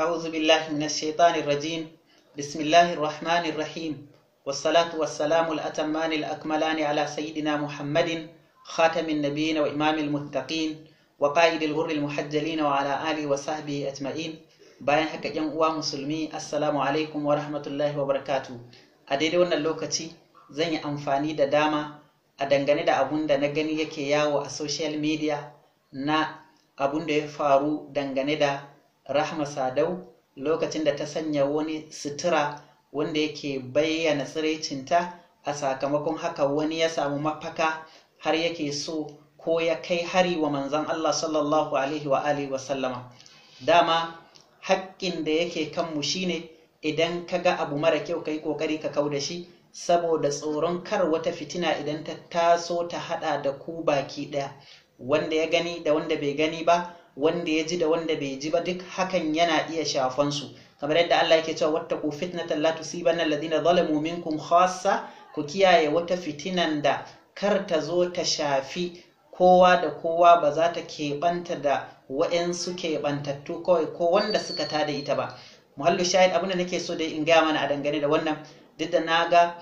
أعوذ بالله من الشيطان الرجيم بسم الله الرحمن الرحيم والصلاة والسلام الأتمان الأكملان على سيدنا محمد خاتم النبيين وإمام المتقين وقائد الغر المحجلين وعلى آله وصحبه أجمعين bayan haka yan uwa musulmi assalamu alaikum wa rahmatullahi wa barakatu a daidai wannan lokaci zan yi amfani da dama a dangane da abun da na gani yake yawo a social media na abun da ya faru dangane da rahma sadau lokacin da ta sanya wani sutura wanda yake bayyana tsiraicinta a sakamakon haka wani ya samu mafaka har yake so ko ya kai hari wa manzan Allah sallallahu alaihi wa alihi wasallama dama haƙƙin da yake kanmu shine idan ka ga abu mara kyau ka yi ƙoƙari ka kau da shi saboda tsoron kar wata fitina idan ta taso ta haɗa da ku baki ɗaya wanda ya gani da wanda bai gani ba wanda ya ji da wanda bai ji ba duk hakan yana iya shafan su kamar yadda Allah yake cewa ku fitnata la tusibanna alladhina zalamu minkum khassa ku kiyaye wata fitinan da kar ta zo ta shafi kowa da kowa ba za ta keɓanta da wa'yansu keɓantattu kawai ko wanda suka tada ita ba muhallu shahid abinda nake so dai in gaya mana a dangane da wannan duk da na ga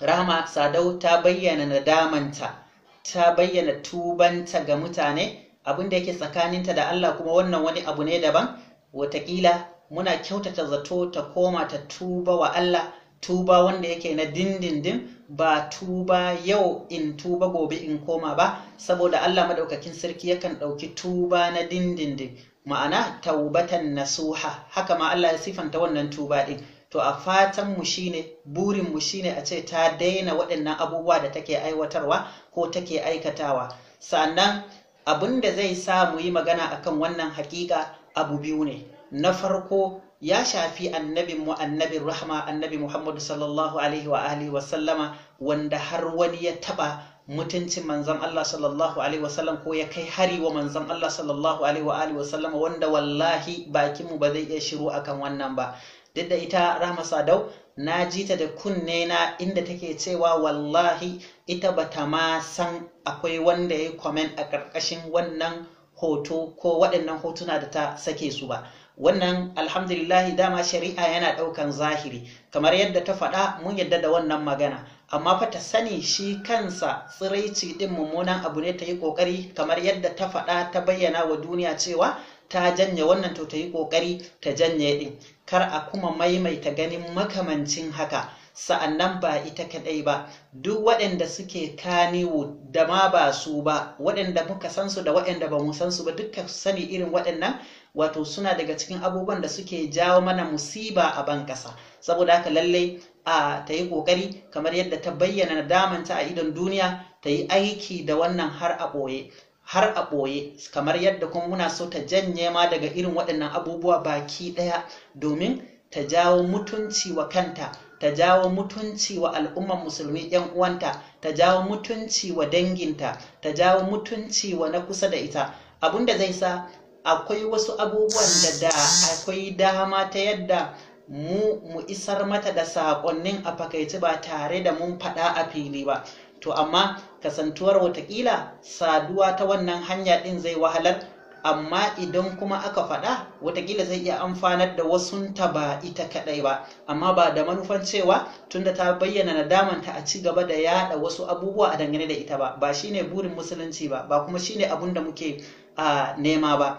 rahama sadau ta bayyana nadamanta ta bayyana tubanta ga mutane abin da yake tsakaninta da Allah kuma wannan wani abu ne daban watakila muna kyautata zato ta koma ta tuba wa Allah tuba wanda yake na dindindin ba tuba yau in tuba gobe in koma ba saboda Allah madaukakin sarki yakan ɗauki tuba na dindindin ma'ana taubatan nasuha haka ma Allah ya sifanta wannan tuba ɗin to a fatan mu shine burin mu shine a ce ta daina waɗannan abubuwa da take aiwatarwa ko take aikatawa sannan abin da zai sa mu yi magana akan wannan hakika abu biyu ne na farko ya shafi annabin mu annabin rahma annabi muhammadu sallallahu alaihi wa alihi wa sallama wanda har wani ya taba mutuncin manzon Allah sallallahu alaihi wa sallam ko ya kai hari wa manzon Allah sallallahu alaihi wa alihi wa sallama wanda wallahi bakinmu ba zai iya shiru akan wannan ba duk da ita rahma sadau na ji ta da kunne na inda take cewa wallahi ita ba ta ma san akwai wanda ya yi comment a ƙarƙashin wannan hoto ko waɗannan hotuna da ta sake su ba wannan alhamdulillahi dama shari'a yana ɗaukan zahiri kamar yadda ta faɗa mun yadda da wannan magana amma fa ta sani shi kansa tsiraici ɗin mummunan abu ne ta yi ƙoƙari kamar yadda ta faɗa ta bayyana wa duniya cewa ta janye wannan to ta yi ƙoƙari ta janye ɗin kar a kuma maimaita ganin makamancin haka sa'annan ba ita kadai ba duk waɗanda suke kaniwu da ma ba su ba waɗanda muka san su da waɗanda ba mu san su ba duka sani irin waɗannan wato suna daga cikin abubuwan da suke jawo mana musiba a ban ƙasa saboda haka lallai a ta yi ƙoƙari kamar yadda ta bayyana damanta a idon duniya ta yi aiki da wannan har a ɓoye har a ɓoye kamar yadda kuma muna so ta janye ma daga irin waɗannan abubuwa baki ɗaya domin ta jawo mutunci wa kanta ta jawo mutunci wa al'ummar musulmi yan uwanta ta jawo mutunci wa danginta ta jawo mutunci wa na kusa da ita Abun da zai sa akwai wasu abubuwan da da akwai dama ta yadda mu mu isar mata da saƙonnin a fakaici ba tare da mun faɗa a fili ba to amma kasantuwar watakila saduwa ta wannan hanya ɗin zai wahalar amma idan kuma aka faɗa watakila zai iya amfanar da wasun ta ba ita kaɗai ba amma ba da manufan cewa tunda ta bayyana nadamanta a ci gaba da yaɗa wasu abubuwa a dangane da ita ba ba shine burin musulunci ba ba kuma shine abun da muke nema ba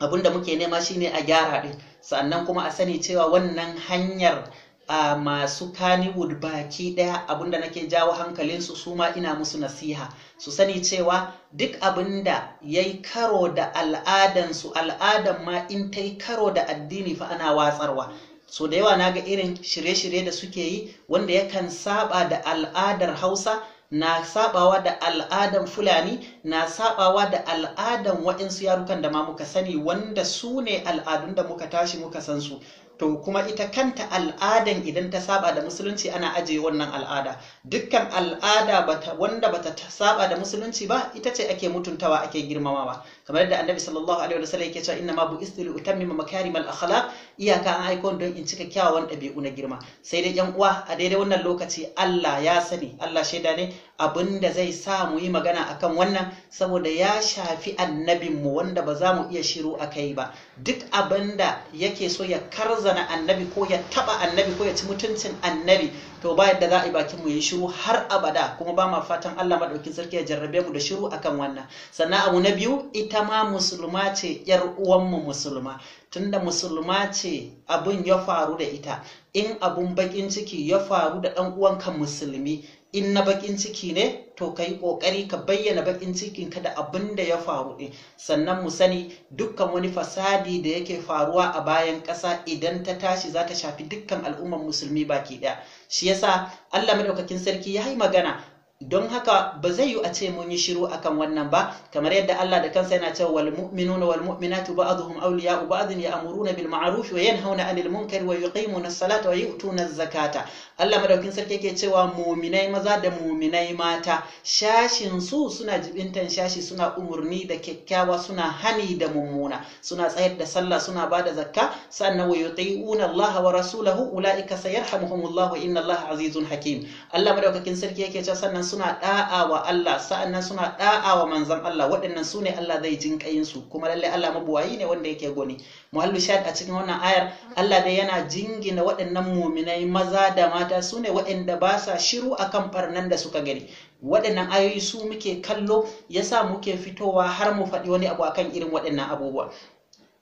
abun da muke nema shine a gyara ɗin sannan kuma a sani cewa wannan hanyar a masu Kannywood baki ɗaya abinda nake jawo hankalinsu su ma ina musu nasiha su sani cewa duk abinda ya yi karo da al'adansu al'adan ma in ta yi karo da addini fa ana watsarwa so da yawa na ga irin shirye-shirye da suke yi wanda yakan saba da al'adar hausa na sabawa da al'adan fulani na sabawa da al'adan waɗansu yarukan da ma muka sani wanda su ne al'adun da muka tashi muka san su to kuma ita kanta al'adan idan ta saba da musulunci ana ajiye wannan al'ada dukkan al'ada wanda bata saba da musulunci ba ita ce ake mutuntawa ake girmamawa kamar yadda annabi sallallahu alaihi wasallam yake cewa inna ma bu'istu li utammima makarimal akhlaq iyaka an aiko don in cika kyawawan ɗabi'u na girma sai dai yan uwa a daidai wannan lokaci Allah ya sani Allah shaida ne abin zai sa mu yi magana akan wannan saboda ya shafi annabinmu wanda ba za mu iya shiru a kai ba duk abinda yake so ya karzana annabi ko ya taba annabi ko ya ci mutuncin annabi to ba yadda za a yi bakin mu yi shiru har abada kuma ba ma fatan Allah madaukin sarki ya jarrabe mu da shiru akan wannan sannan abu na biyu ita ma musulma ce yar uwanmu musulma tunda musulma ce abun ya faru da ita in abun bakin ciki ya faru da ɗan uwanka musulmi in na bakin ciki ne to ka yi ƙoƙari ka bayyana bakin ka da abin da ya faru ɗin sannan mu sani dukkan wani fasadi da yake faruwa a bayan ƙasa idan ta tashi za ta shafi dukkan al'ummar musulmi baki ɗaya shi yasa allah madaukakin sarki ya yi magana don haka ba zai yi a ce mun yi shiru akan wannan ba kamar yadda Allah da kansa yana cewa wal mu'minuna wal mu'minatu ba'dhum awliya'u ba'dhin ya'muruna bil ma'ruf wa yanhauna 'anil munkar wa yuqimuna as-salata wa yu'tuna zakata Allah madaukin sarki yake cewa mu'minai maza da mu'minai mata shashin su suna jibintan shashi suna umurni da kyakkyawa suna hani da mummuna suna tsayar da sallah suna bada zakka sannan wa yuti'una Allah wa rasulahu ulaika sayarhamuhumullahu inna Allah azizun hakim Allah madaukakin sarki yake cewa sannan suna da'a wa Allah sa'annan suna da'a wa manzon Allah waɗannan su ne Allah zai jin kayin su kuma lalle Allah mabuwayi ne wanda yake goni muhallu shad a cikin wannan ayar Allah dai yana jingina waɗannan muminai maza da mata su ne waɗanda ba sa shiru akan ɓarnan da suka gani waɗannan ayoyi su muke kallo yasa muke fitowa har mu faɗi wani abu akan irin waɗannan abubuwa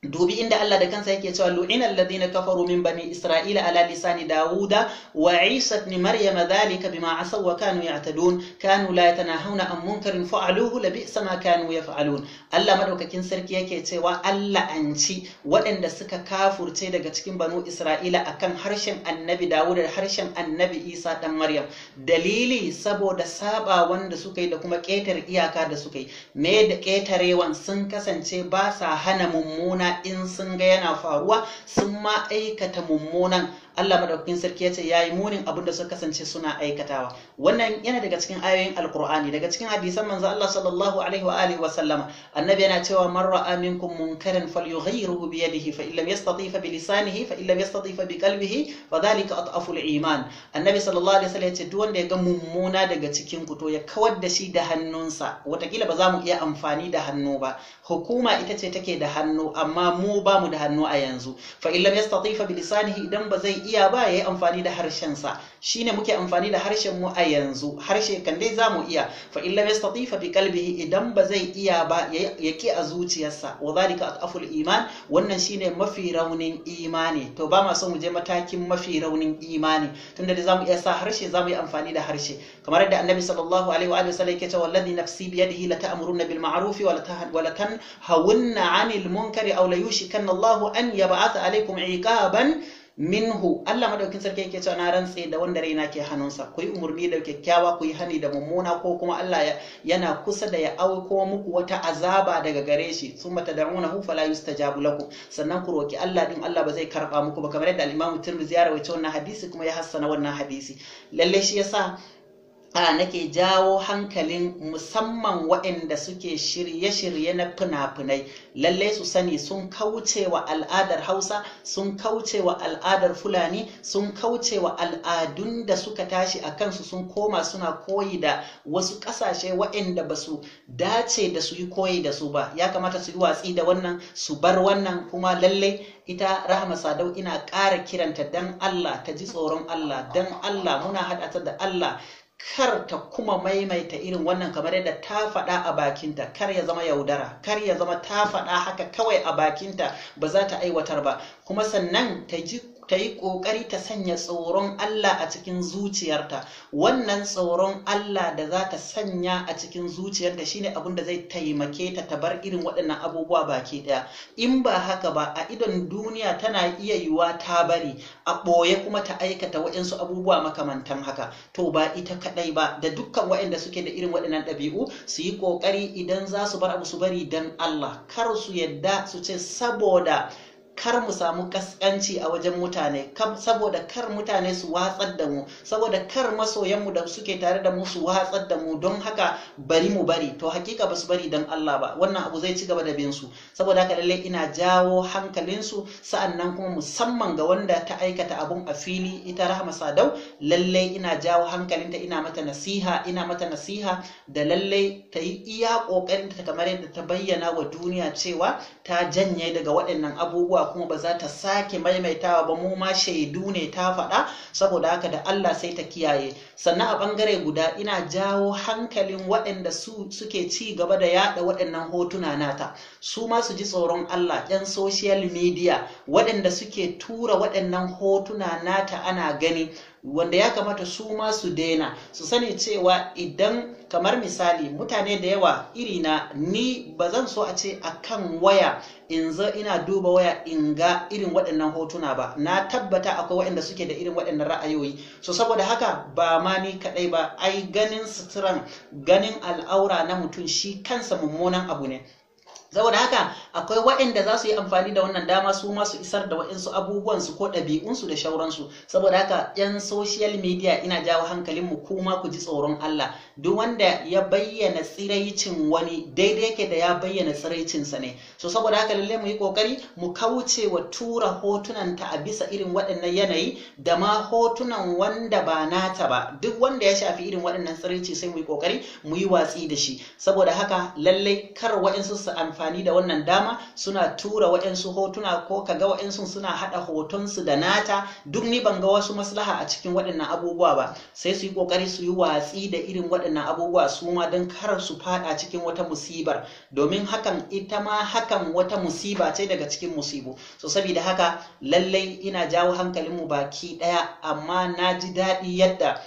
dubi inda Allah da kansa yake cewa lu'ina alladhina kafaru min bani isra'ila ala lisani dawuda wa isa ibn maryam dhalika bima asaw wa kanu ya'tadun kanu la yatanahawna an munkarin fa'aluhu la bi'sa ma kanu yaf'alun Allah madaukakin sarki yake cewa Allah anci waɗanda suka kafurce daga cikin banu isra'ila akan harshen annabi dawud da harshen annabi isa dan maryam dalili saboda saba wanda suka yi da kuma ketar iyaka da suka yi me da ƙetarewan sun kasance ba sa hana mummuna in sun ga yana faruwa sun ma aikata mummunan Allah madaukakin sarki ya ce yayi munin abin da suka kasance suna aikatawa wannan yana daga cikin ayoyin alqur'ani daga cikin hadisan manzo Allah sallallahu alaihi wa alihi wa sallama annabi yana cewa man ra'a minkum munkaran falyughayyirhu bi yadihi fa illam yastati fa bi lisanihi fa illam yastati fa bi qalbihi fa dhalika at'afu al-iman annabi sallallahu alaihi wasallam ya duk wanda ya ga mummuna daga cikin ku to ya kawar da shi da hannunsa watakila ba za mu iya amfani da hannu ba hukuma ita ce take da hannu amma mu ba mu da hannu a yanzu fa illam yastati fa bi lisanihi idan ba zai iya ba ya yi amfani da harshensa shi ne muke amfani da harshen mu a yanzu harshe kan dai za mu iya fa illam yastati fa bi qalbihi idan ba zai iya ba ya ki a zuciyarsa wa zalika aful iman wannan shine mafi raunin imani to ba ma son mu je matakin mafi raunin imani tunda da mu iya sa harshe mu yi amfani da harshe kamar yadda annabi sallallahu alaihi wa sallam yake cewa wallazi nafsi bi yadihi la ta'muruna bil ma'ruf wa la tanhawunna 'anil munkari aw la yushikanna Allahu an yab'atha alaikum 'iqaban minhu Allah madaukin sarki yake cewa na rantse da wanda raina ke hannunsa ku yi umurni da kyakkyawa ku yi hani da mummuna ko kuma Allah yana kusa da ya auko muku wata azaba daga gare shi summa tad'unahu fala yustajabu lakum sannan ku roki Allah din Allah ba zai karba muku ba kamar yadda al-Imam Tirmidhi ya rawaito wannan hadisi kuma ya hassana wannan hadisi lalle shi yasa a nake jawo hankalin musamman waɗanda suke shirye-shirye na fina-finai lalle su sani sun kaucewa al'adar hausa sun kaucewa al'adar fulani sun kaucewa al'adun da suka tashi a kansu sun koma suna koyi da wasu ƙasashe waɗanda ba su dace da su yi koyi da su ba ya kamata su yi watsi da wannan su bar wannan kuma lalle ita rahama sadau ina ƙara kiranta dan allah ta ji tsoron allah dan allah muna haɗata da allah kar ta kuma maimaita irin wannan kamar yadda ta faɗa a bakinta kar ya zama yaudara kar ya zama ta faɗa haka kawai a bakinta ba za ta aiwatar ba kuma sannan ta ji ta yi ƙoƙari ta sanya tsoron Allah a cikin zuciyarta wannan tsoron Allah da za ta sanya a cikin zuciyarta shine abin da zai taimake ta ta bar irin waɗannan abubuwa baki ɗaya in ba haka ba a idon duniya tana iya yiwuwa ta bari a ɓoye kuma ta aikata waɗansu abubuwa makamantan haka to ba ita kaɗai ba da dukkan waɗanda suke da irin waɗannan ɗabi'u su yi ƙoƙari idan za su bar abu su bari dan Allah kar su yadda su ce saboda kar mu samu kaskanci a wajen mutane saboda kar mutane su watsar da mu saboda kar masoyanmu da suke tare da mu su watsar da mu don haka bari mu bari to hakika ba su bari don Allah ba wannan abu zai ci gaba da bin saboda haka lallai ina jawo hankalinsu sa'annan kuma musamman ga wanda ta aikata abun a fili ita rahama sadau lallai ina jawo hankalinta ina mata nasiha ina mata nasiha da lallai ta yi iya kokarin ta kamar yadda ta bayyana wa duniya cewa ta janye daga waɗannan abubuwa ba kuma ba za ta sake maimaitawa ba mu ma shaidu ne ta faɗa saboda haka da Allah sai ta kiyaye sannan a bangare guda ina jawo hankalin waɗanda su suke ci gaba da yaɗa waɗannan hotuna nata su ma su ji tsoron Allah ɗan social media waɗanda suke tura waɗannan hotuna nata ana gani wanda ya kamata su ma su daina su sani cewa idan kamar misali mutane da yawa iri na, ni ba zan so a ce a kan waya in zo ina duba waya in ga irin waɗannan hotuna ba na tabbata akwai waɗanda suke da irin waɗannan ra'ayoyi so saboda haka ba ma ni kaɗai ba ai ganin suturan ganin al'aura na mutum shi kansa mummunan abu ne saboda haka akwai waɗanda za su yi amfani da wannan dama su masu isar da waɗansu su, ko ɗabi'unsu da shauransu saboda haka 'yan social media ina jawo hankalin mu kuma ku ji tsoron Allah duk wanda ya bayyana tsiraicin wani daidai yake da ya bayyana tsiraicinsa ne so saboda haka lallai mu yi kokari mu kauce wa tura hotunan ta a bisa irin waɗannan yanayi da ma hotunan wanda ba nata ba duk wanda ya shafi irin waɗannan tsiraici sai mu yi kokari mu yi watsi da shi saboda haka lallai kar waɗansu su amfani amfani da wannan dama suna tura waɗansu hotuna ko ka ga waɗansu suna haɗa hotonsu da nata duk ni ban ga wasu maslaha a cikin waɗannan abubuwa ba sai su yi ƙoƙari su yi watsi da irin waɗannan abubuwa su ma don karar su faɗa cikin wata musibar domin hakan ita ma hakan wata musiba ce daga cikin musibu so saboda haka lallai ina jawo hankalinmu baki ɗaya amma na ji daɗi yadda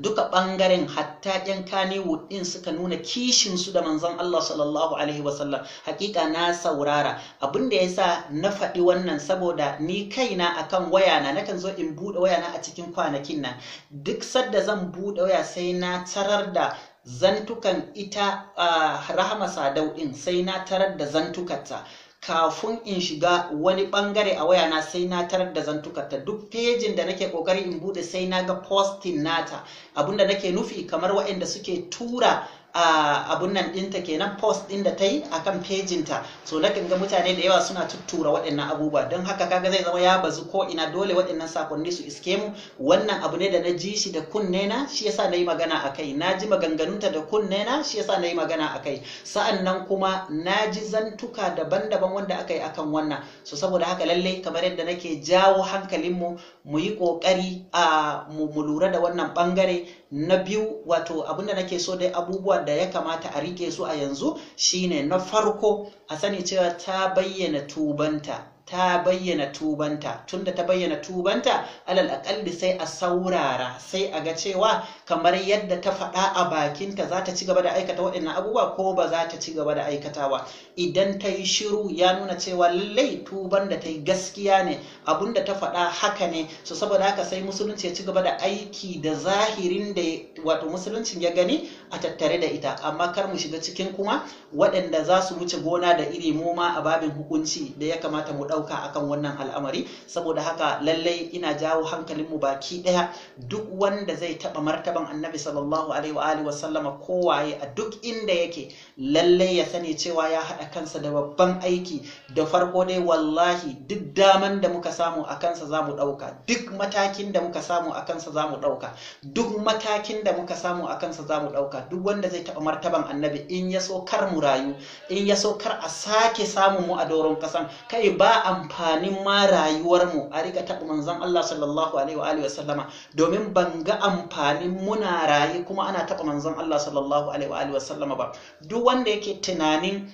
duka ɓangaren hatta Kannywood kaniwood ɗin suka nuna kishin su da manzon Allah sallallahu alaihi wasallam hakika na saurara abin da yasa na faɗi wannan saboda ni kaina akan wayana kan zo in buɗe wayana a cikin kwanakin nan duk sadda zan buɗe waya sai na tarar da zantukan ita uh, rahama sadau ɗin sai na tarar da zantukarta kafin in shiga wani bangare a wayana sai na tarar da zantukarta duk pejin da nake kokari in bude sai na ga posting nata abinda nake nufi kamar waɗanda suke tura abun nan ɗinta kenan post ɗin da ta yi a kan pejinta so na ga mutane da yawa suna tuttura waɗannan abubuwa don haka kaga zai zama ya bazu ko ina dole waɗannan sakonni su iske mu wannan abu ne da na ji shi da kunne na shi yasa na yi magana a kai na ji maganganunta da kunne na shi yasa na yi magana a kai sa'an nan kuma na ji zantuka daban-daban wanda aka yi a kan wannan so saboda haka lalle kamar yadda nake jawo hankalinmu mu yi ƙoƙari a mu lura da wannan ɓangare na biyu wato abinda nake so dai abubuwan da ya kamata a rike su a yanzu shine na farko a sani cewa ta bayyana tubanta ta bayyana tubanta tunda ta bayyana tubanta alal aƙalli sai a saurara sai a ga cewa kamar yadda ta faɗa a bakinta za ta ci gaba da aikata waɗannan abubuwa ko ba za ta ci gaba da aikatawa idan ta yi shiru ya nuna cewa lallai tuban da ta yi gaskiya ne abun da ta faɗa haka ne su saboda haka sai musulunci ya ci gaba da aiki da zahirin da wato musuluncin ya gani a tattare da ita amma kar mu shiga cikin kuma waɗanda za su wuce gona da iri mu ma a babin hukunci da ya kamata mu ɗauka akan wannan al'amari saboda haka lallai ina jawo hankalin mu baki ɗaya duk wanda zai taɓa martaban annabi sallallahu alaihi wa alihi wasallama kowaye a duk inda yake lallai ya sani cewa ya haɗa kansa da babban aiki da farko dai wallahi duk daman da muka samu a kansa za mu ɗauka duk matakin da muka samu a kansa za mu ɗauka duk matakin da muka samu a kansa za mu ɗauka duk wanda zai taɓa martaban annabi in ya so kar mu rayu in ya so kar a sake samun mu a doron ƙasan kai ba amfanin ma rayuwarmu a rika taɓa manzan Allah sallallahu alaihi wa sallama domin ban ga amfanin muna raye kuma ana taɓa manzan Allah sallallahu alaihi wa sallama ba duk wanda yake tunanin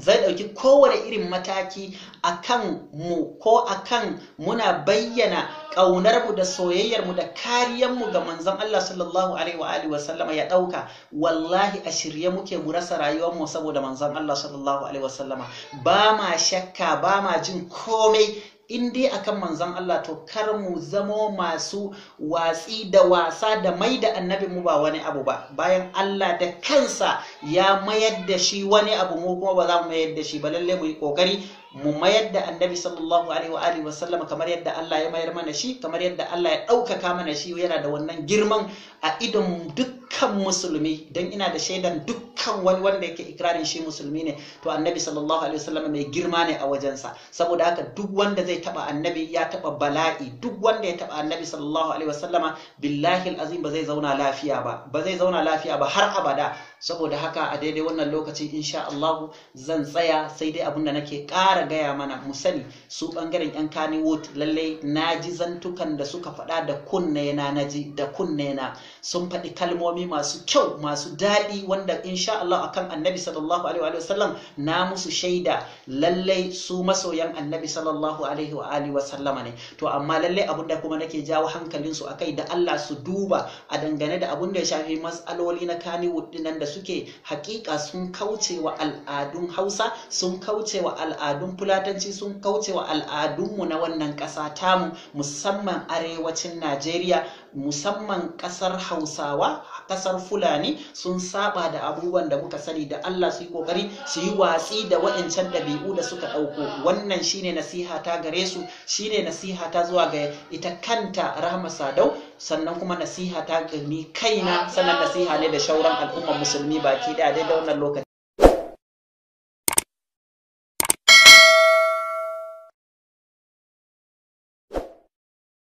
zai ɗauki kowane irin mataki a kan mu ko akan muna bayyana ƙaunarmu da soyayyar mu da kariyar mu ga manzon Allah sallallahu alaihi wa alihi ya ɗauka wallahi a shirye muke mu rasa mu saboda manzon Allah sallallahu alaihi wasallama ba ma shakka ba ma jin komai in dai akan manzon Allah to kar mu zamo masu watsi da wasa da mai da annabi mu ba wani abu ba bayan Allah da kansa ya mayar da shi wani abu mu kuma ba za mu mayar da shi ba lalle mu yi kokari mu mayar da annabi sallallahu alaihi wa alihi wa sallam kamar yadda Allah ya mayar mana shi kamar yadda Allah ya ɗaukaka mana shi yana da wannan girman a idon duk dukkan musulmi don ina da shaidan dukkan wani wanda yake ikirarin shi musulmi ne to annabi sallallahu alaihi wasallam mai girma ne a wajensa saboda haka duk wanda zai taba annabi ya taba bala'i duk wanda ya taba annabi sallallahu alaihi wasallama billahi alazim ba zai zauna lafiya ba ba zai zauna lafiya ba har abada saboda haka a daidai wannan lokaci insha Allah zan tsaya sai dai abin nake ƙara gaya mana mu sani su bangaren yan Kannywood lallai naji zantukan da suka faɗa da kunne na naji da kunne na sun faɗi kalmomi kalmomi masu kyau masu daɗi wanda insha Allah akan annabi sallallahu alaihi wa sallam na musu shaida lallai su masoyan annabi sallallahu alaihi wa alihi wa ne to amma lallai abin da kuma nake jawo hankalin su akai da Allah su duba a dangane da abun da ya shafi masaloli na kani dinan da suke hakika sun kauce wa al'adun Hausa sun kauce wa al'adun Fulatanci sun kauce wa al'adunmu na wannan ƙasa tamu musamman arewacin Najeriya musamman ƙasar hausawa ƙasar fulani sun saba da abubuwan da muka sani da allah su yi ƙoƙari su yi watsi da waɗancan ɗabi'u da suka ɗauko wannan shine nasiha ta gare su shine nasiha ta zuwa ga ita kanta rahma sadau sannan kuma nasiha ta ni kaina sannan nasiha ne da shauran al'ummar musulmi baki ɗaya daidai wannan lokaci